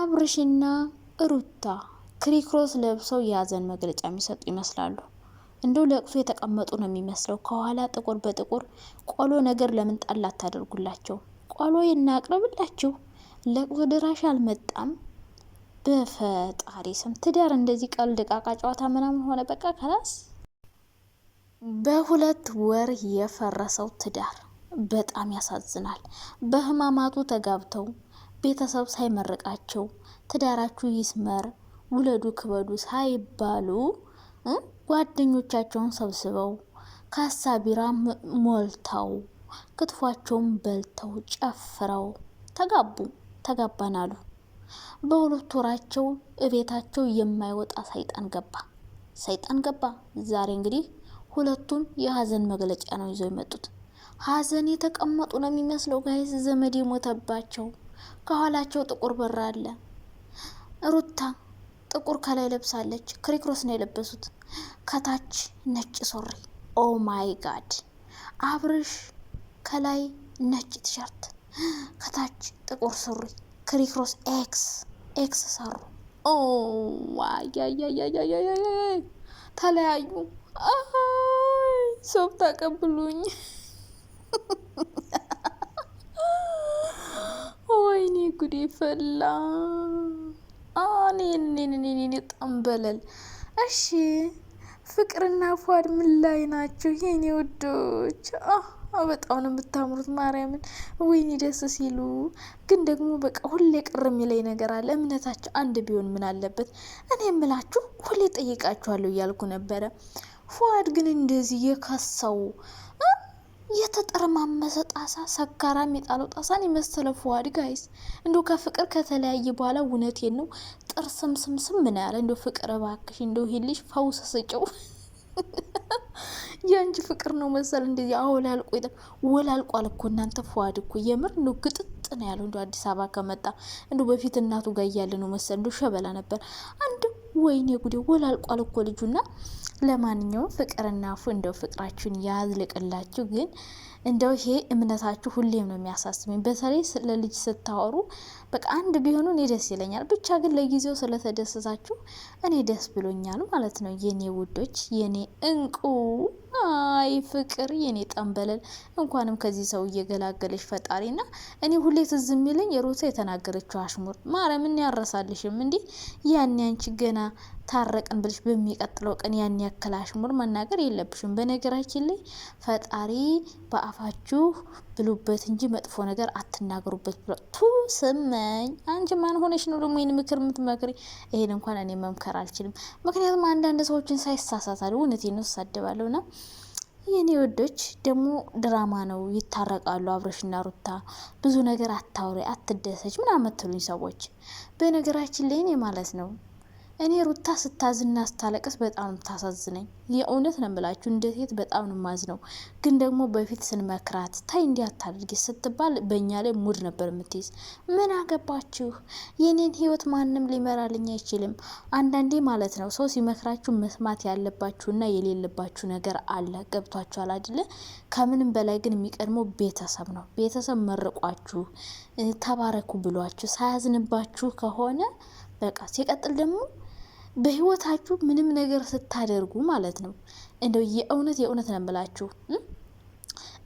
አብርሽና ሩታ ክሪክሮስ ለብሰው የሀዘን መግለጫ የሚሰጡ ይመስላሉ። እንደው ለቅሶ የተቀመጡ ነው የሚመስለው። ከኋላ ጥቁር በጥቁር ቆሎ ነገር ለምን ጣል አታደርጉላቸው? ቆሎ የናቅርብላችሁ ለቅሶ ድራሽ አልመጣም። በፈጣሪ ስም ትዳር እንደዚህ ቀልድ፣ ቃቃ ጨዋታ ምናምን ሆነ። በቃ ከላስ በሁለት ወር የፈረሰው ትዳር በጣም ያሳዝናል። በህማማቱ ተጋብተው ቤተሰብ ሳይመርቃቸው ትዳራችሁ ይስመር ውለዱ ክበዱ ሳይባሉ ጓደኞቻቸውን ሰብስበው ካሳ ቢራ ሞልተው ክትፏቸውን በልተው ጨፍረው ተጋቡ ተጋባን አሉ። በሁለት ወራቸው እቤታቸው የማይወጣ ሰይጣን ገባ ሰይጣን ገባ። ዛሬ እንግዲህ ሁለቱም የሀዘን መግለጫ ነው ይዘው የመጡት። ሀዘን የተቀመጡ ነው የሚመስለው ጋይዝ ዘመድ የሞተባቸው ከኋላቸው ጥቁር በር አለ። ሩታ ጥቁር ከላይ ለብሳለች። ክሪክሮስ ነው የለበሱት፣ ከታች ነጭ ሱሪ። ኦ ማይ ጋድ! አብርሽ ከላይ ነጭ ቲሸርት፣ ከታች ጥቁር ሱሪ፣ ክሪክሮስ ኤክስ ኤክስ ሰሩ። ኦ ተለያዩ። ሶብ ተቀብሉኝ ጉዴ ፈላ። እኔ ጠንበለል። እሺ ፍቅርና ፏድ ምን ላይ ናቸው የኔ ውዶች? በጣም ነው የምታምሩት። ማርያምን ወይኔ ደስ ሲሉ። ግን ደግሞ በቃ ሁሌ ቅር የሚለኝ ነገር አለ። እምነታቸው አንድ ቢሆን ምን አለበት? እኔ የምላችሁ ሁሌ ጠይቃችኋለሁ እያልኩ ነበረ። ፏድ ግን እንደዚህ የካሳው የተጠረማመሰ ጣሳ ሰጋራ የሚጣለው ጣሳን የመሰለ ፉአድ ጋይስ እንዶ ከፍቅር ከተለያየ በኋላ እውነቴን ነው ጥርስም ስምስም ምን ያለ እንዶ ፍቅር እባክሽ እንዶ ሂልሽ ፈውስ ስጭው የአንቺ ፍቅር ነው መሰል እንደዚህ አወላልቆ ወላልቋል አልኮ እናንተ ፉአድ እኮ የምር እንዶ ግጥጥ ነው ያለው እንዶ አዲስ አበባ ከመጣ እንዶ በፊት እናቱ ጋር እያለ ነው መሰል እንዶ ሸበላ ነበር አንድ ወይኔ ጉዴ ወላልቋል እኮ ልጁና ለማንኛውም ፍቅርና ፉ እንደው ፍቅራችሁን ያዝልቅላችሁ። ግን እንደው ይሄ እምነታችሁ ሁሌም ነው የሚያሳስበኝ። በተለይ ስለ ልጅ ስታወሩ በቃ አንድ ቢሆኑ እኔ ደስ ይለኛል። ብቻ ግን ለጊዜው ስለተደሰታችሁ እኔ ደስ ብሎኛል ማለት ነው የኔ ውዶች፣ የኔ እንቁ። አይ ፍቅር የኔ ጠንበለል፣ እንኳንም ከዚህ ሰው እየገላገለች ፈጣሪ ና እኔ ሁሌ ትዝ የሚለኝ የሮታ የተናገረችው አሽሙር ማርያምን ያረሳልሽም እንዲህ ያኔ አንቺ ገና ታረቅን ብልሽ በሚቀጥለው ቀን ያን ያክል አሽሙር መናገር የለብሽም። በነገራችን ላይ ፈጣሪ በአፋችሁ ብሉበት እንጂ መጥፎ ነገር አትናገሩበት ብሎ ቱ ስመኝ አንቺ ማን ሆነሽ ነው ደግሞ ይህን ምክር የምትመክሪ? ይሄን እንኳን እኔ መምከር አልችልም። ምክንያቱም አንዳንድ ሰዎችን ሳይሳሳታል እውነት ነው ሳደባለሁ ና የኔ ወዶች ደግሞ ድራማ ነው፣ ይታረቃሉ። አብረሽና ሩታ ብዙ ነገር አታውሪ፣ አትደሰች ምናምን ትሉኝ ሰዎች በነገራችን ላይ እኔ ማለት ነው እኔ ሩታ ስታዝና ስታለቅስ በጣም ነው የምታሳዝነኝ። የእውነት ነው ምላችሁ እንደ ሴት በጣም ነው ግን ደግሞ በፊት ስንመክራት ታይ እንዲህ አታድርጊ ስትባል በእኛ ላይ ሙድ ነበር የምትይዝ። ምን አገባችሁ የኔን ህይወት ማንም ሊመራልኝ አይችልም። አንዳንዴ ማለት ነው ሰው ሲመክራችሁ መስማት ያለባችሁና የሌለባችሁ ነገር አለ። ገብቷችኋል አይደለ? ከምንም በላይ ግን የሚቀድመው ቤተሰብ ነው። ቤተሰብ መርቋችሁ ተባረኩ ብሏችሁ ሳያዝንባችሁ ከሆነ በቃ ሲቀጥል ደግሞ በህይወታችሁ ምንም ነገር ስታደርጉ ማለት ነው እንደው የእውነት የእውነት ነው የምላችሁ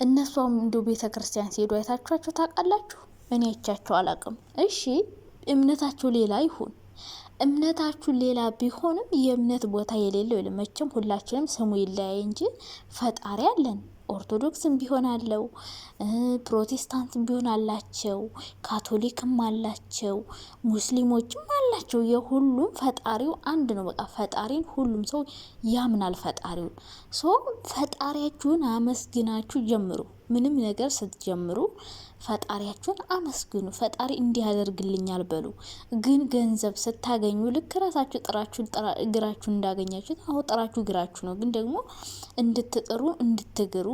እነሷም እንደው ቤተ ክርስቲያን ሲሄዱ አይታችኋቸው ታውቃላችሁ? እኔ አይቻቸው አላቅም። እሺ እምነታችሁ ሌላ ይሁን እምነታችሁ ሌላ ቢሆንም የእምነት ቦታ የሌለው መቼም ሁላችንም ስሙ ይለያይ እንጂ ፈጣሪ አለን። ኦርቶዶክስም ቢሆን አለው፣ ፕሮቴስታንትም ቢሆን አላቸው፣ ካቶሊክም አላቸው፣ ሙስሊሞችም አላቸው። የሁሉም ፈጣሪው አንድ ነው። በቃ ፈጣሪን ሁሉም ሰው ያምናል። ፈጣሪውን ሶ ፈጣሪያችሁን አመስግናችሁ ጀምሩ። ምንም ነገር ስትጀምሩ ፈጣሪያችሁን አመስግኑ። ፈጣሪ እንዲያደርግልኛል በሉ። ግን ገንዘብ ስታገኙ ልክ ራሳችሁ ጥራችሁ እግራችሁ እንዳገኛችሁት፣ አሁ ጥራችሁ እግራችሁ ነው። ግን ደግሞ እንድትጥሩ እንድትግሩ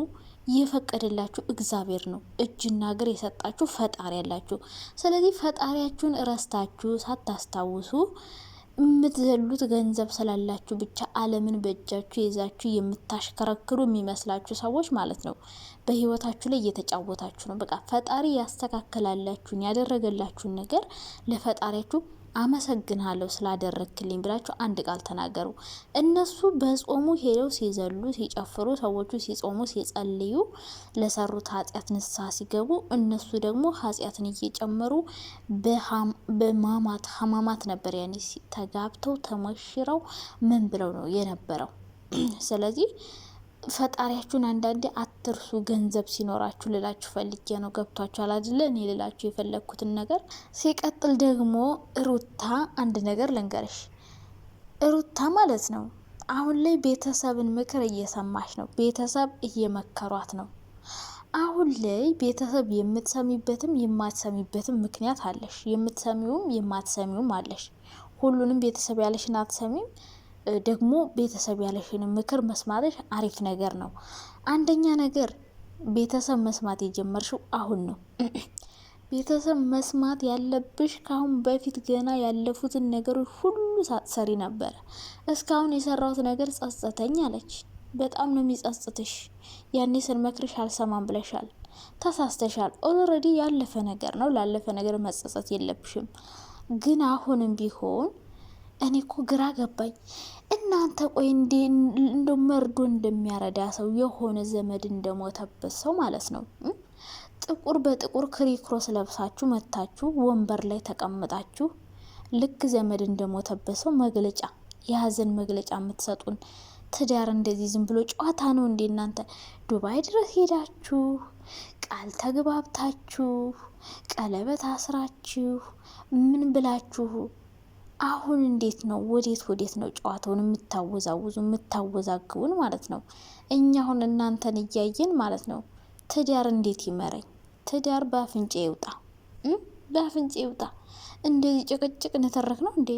የፈቀደላችሁ እግዚአብሔር ነው። እጅና እግር የሰጣችሁ ፈጣሪ ያላችሁ። ስለዚህ ፈጣሪያችሁን እረስታችሁ ሳታስታውሱ የምትዘሉት ገንዘብ ስላላችሁ ብቻ ዓለምን በእጃችሁ ይዛችሁ የምታሽከረክሩ የሚመስላችሁ ሰዎች ማለት ነው። በህይወታችሁ ላይ እየተጫወታችሁ ነው። በቃ ፈጣሪ ያስተካከላላችሁን ያደረገላችሁን ነገር ለፈጣሪያችሁ አመሰግናለሁ ስላደረክልኝ ብላችሁ አንድ ቃል ተናገሩ። እነሱ በጾሙ ሄደው ሲዘሉ ሲጨፍሩ፣ ሰዎቹ ሲጾሙ ሲጸልዩ ለሰሩት ኃጢአት ንስሐ ሲገቡ፣ እነሱ ደግሞ ኃጢአትን እየጨመሩ በማማት ሀማማት ነበር ያኔ ተጋብተው ተሞሽረው ምን ብለው ነው የነበረው? ስለዚህ ፈጣሪያችሁን አንዳንዴ አትርሱ። ገንዘብ ሲኖራችሁ ልላችሁ ፈልጌ ነው። ገብቷችኋል አይደለ? እኔ ልላችሁ የፈለግኩትን ነገር። ሲቀጥል ደግሞ ሩታ አንድ ነገር ልንገርሽ፣ ሩታ ማለት ነው አሁን ላይ ቤተሰብን ምክር እየሰማች ነው። ቤተሰብ እየመከሯት ነው። አሁን ላይ ቤተሰብ የምትሰሚበትም የማትሰሚበትም ምክንያት አለሽ። የምትሰሚውም የማትሰሚውም አለሽ። ሁሉንም ቤተሰብ ያለሽን አትሰሚም። ደግሞ ቤተሰብ ያለሽን ምክር መስማትሽ አሪፍ ነገር ነው። አንደኛ ነገር ቤተሰብ መስማት የጀመርሽው አሁን ነው። ቤተሰብ መስማት ያለብሽ ካሁን በፊት ገና ያለፉትን ነገሮች ሁሉ ሳትሰሪ ነበረ። እስካሁን የሰራሁት ነገር ጸጸተኝ አለች። በጣም ነው የሚጸጽትሽ። ያኔ ስንመክርሽ አልሰማም ብለሻል። ተሳስተሻል። ኦልሬዲ ያለፈ ነገር ነው። ላለፈ ነገር መጸጸት የለብሽም። ግን አሁንም ቢሆን እኔ እኮ ግራ ገባኝ። እናንተ ቆይ እንደ መርዶ እንደሚያረዳ ሰው የሆነ ዘመድ እንደሞተበት ሰው ማለት ነው። ጥቁር በጥቁር ክሪክሮስ ለብሳችሁ መታችሁ ወንበር ላይ ተቀምጣችሁ ልክ ዘመድ እንደሞተበት ሰው መግለጫ የሀዘን መግለጫ የምትሰጡን ትዳር እንደዚህ ዝም ብሎ ጨዋታ ነው እንዴ? እናንተ ዱባይ ድረስ ሄዳችሁ ቃል ተግባብታችሁ ቀለበት አስራችሁ ምን ብላችሁ አሁን እንዴት ነው ወዴት ወዴት ነው ጨዋታውን የምታወዛውዙ የምታወዛግቡን ማለት ነው? እኛ አሁን እናንተን እያየን ማለት ነው። ትዳር እንዴት ይመረኝ? ትዳር በአፍንጫ ይውጣ፣ በአፍንጫ ይውጣ። እንደዚህ ጭቅጭቅ ንትርክ ነው እንዴ?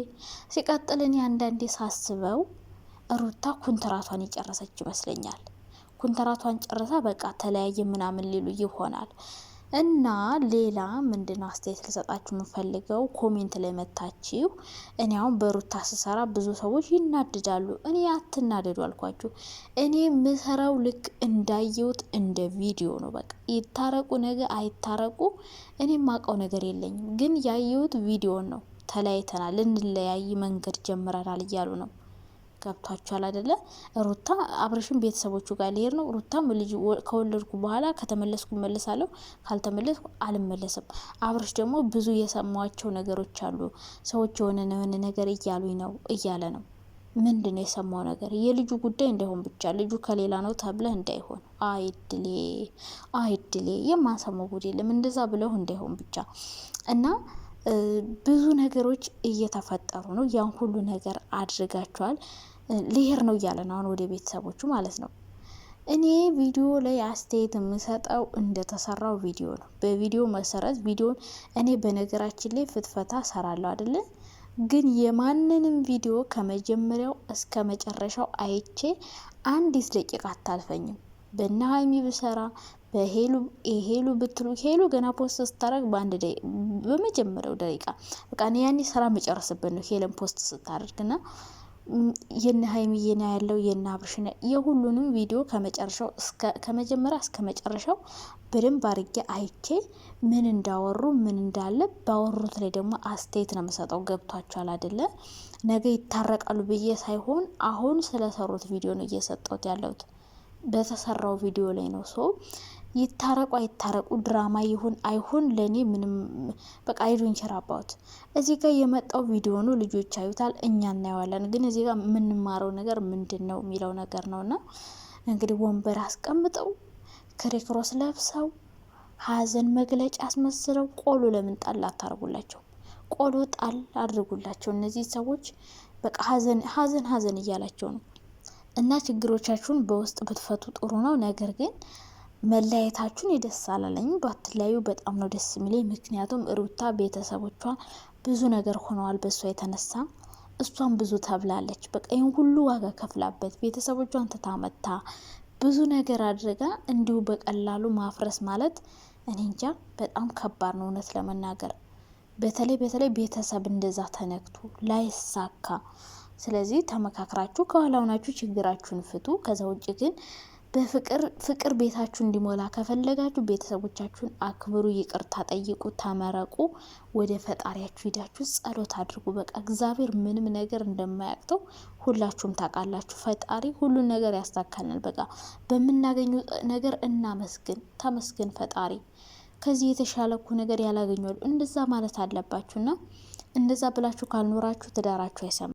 ሲቀጥል አንዳንዴ ሳስበው ሩታ ኩንትራቷን የጨረሰች ይመስለኛል። ኩንትራቷን ጨርሳ በቃ ተለያየ ምናምን ሊሉ ይሆናል። እና ሌላ ምንድን ነው አስተያየት ልሰጣችሁ የምፈልገው ኮሜንት ላይ መታችሁ። እኔ አሁን በሩታ ስሰራ ብዙ ሰዎች ይናድዳሉ። እኔ አትናደዱ አልኳችሁ። እኔ ምሰራው ልክ እንዳየሁት እንደ ቪዲዮ ነው። በቃ ይታረቁ ነገ አይታረቁ እኔ ማውቀው ነገር የለኝም። ግን ያየሁት ቪዲዮ ነው። ተለያይተናል፣ ልንለያይ መንገድ ጀምረናል እያሉ ነው ገብቷቸዋል አደለ? ሩታ አብርሽም ቤተሰቦቹ ጋር ሊሄድ ነው። ሩታም ልጅ ከወለድኩ በኋላ ከተመለስኩ መለሳለሁ፣ ካልተመለስኩ አልመለስም። አብረሽ ደግሞ ብዙ የሰማቸው ነገሮች አሉ። ሰዎች የሆነ የሆነ ነገር እያሉኝ ነው እያለ ነው። ምንድን ነው የሰማው ነገር? የልጁ ጉዳይ እንዳይሆን ብቻ ልጁ ከሌላ ነው ተብለህ እንዳይሆን። አይድሌ አይድሌ፣ የማሰማው ጉድ የለም እንደዛ ብለው እንዳይሆን ብቻ እና ብዙ ነገሮች እየተፈጠሩ ነው። ያን ሁሉ ነገር አድርጋቸዋል። ሊሄር ነው እያለ ነው አሁን ወደ ቤተሰቦቹ ማለት ነው። እኔ ቪዲዮ ላይ አስተያየት የምሰጠው እንደተሰራው ቪዲዮ ነው። በቪዲዮ መሰረት ቪዲዮን እኔ በነገራችን ላይ ፍትፈታ ሰራለሁ አይደለ? ግን የማንንም ቪዲዮ ከመጀመሪያው እስከ መጨረሻው አይቼ አንዲት ደቂቃ አታልፈኝም። በነ ሀይሚ ብሰራ በሄሉ ሄሉ ብትሉ ሄሉ ገና ፖስት ስታደረግ በአንድ በመጀመሪያው ደቂቃ በቃ ያኔ ስራ መጨረስበት ነው ሄለን ፖስት ስታደርግና የነ ሀይሚዬና ያለው የነ አብርሽነ የሁሉንም ቪዲዮ ከመጨረሻው ከመጀመሪያ እስከ መጨረሻው በደንብ አድርጌ አይቼ ምን እንዳወሩ ምን እንዳለ ባወሩት ላይ ደግሞ አስተያየት ነው የምሰጠው። ገብቷቸዋል አይደለ? ነገ ይታረቃሉ ብዬ ሳይሆን አሁን ስለሰሩት ቪዲዮ ነው እየሰጠሁት ያለሁት። በተሰራው ቪዲዮ ላይ ነው ሰው ይታረቁ አይታረቁ ድራማ ይሁን አይሁን ለእኔ ምንም በቃ አይዱን ሸራባውት እዚህ ጋር የመጣው ቪዲዮ ነው። ልጆች አዩታል፣ እኛ እናየዋለን። ግን እዚህ ጋር የምንማረው ነገር ምንድን ነው የሚለው ነገር ነው እና እንግዲህ ወንበር አስቀምጠው ክሬክሮስ ለብሰው ሀዘን መግለጫ አስመስለው ቆሎ ለምን ጣል አታርጉላቸው? ቆሎ ጣል አድርጉላቸው። እነዚህ ሰዎች በቃ ሀዘን ሀዘን ሀዘን እያላቸው ነው እና ችግሮቻችሁን በውስጥ ብትፈቱ ጥሩ ነው። ነገር ግን መለያየታችሁን የደስ አላለኝ ባትለያዩ በጣም ነው ደስ የሚለኝ። ምክንያቱም ሩታ ቤተሰቦቿ ብዙ ነገር ሆነዋል በእሷ የተነሳ እሷን ብዙ ተብላለች። በቃ ይህን ሁሉ ዋጋ ከፍላበት ቤተሰቦቿን ትታመታ ብዙ ነገር አድርጋ እንዲሁ በቀላሉ ማፍረስ ማለት እኔ እንጃ በጣም ከባድ ነው እውነት ለመናገር በተለይ በተለይ ቤተሰብ እንደዛ ተነክቶ ላይሳካ። ስለዚህ ተመካክራችሁ ከኋላ ሆናችሁ ችግራችሁን ፍቱ። ከዛ ውጭ ግን በፍቅር ፍቅር ቤታችሁ እንዲሞላ ከፈለጋችሁ ቤተሰቦቻችሁን አክብሩ፣ ይቅርታ ጠይቁ፣ ተመረቁ፣ ወደ ፈጣሪያችሁ ሂዳችሁ ጸሎት አድርጉ። በቃ እግዚአብሔር ምንም ነገር እንደማያቅተው ሁላችሁም ታውቃላችሁ። ፈጣሪ ሁሉን ነገር ያስታካልናል። በቃ በምናገኘው ነገር እናመስግን። ተመስገን ፈጣሪ ከዚህ የተሻለኩ ነገር ያላገኘሉ እንደዛ ማለት አለባችሁና እንደዛ ብላችሁ ካልኖራችሁ ትዳራችሁ አይሰማም።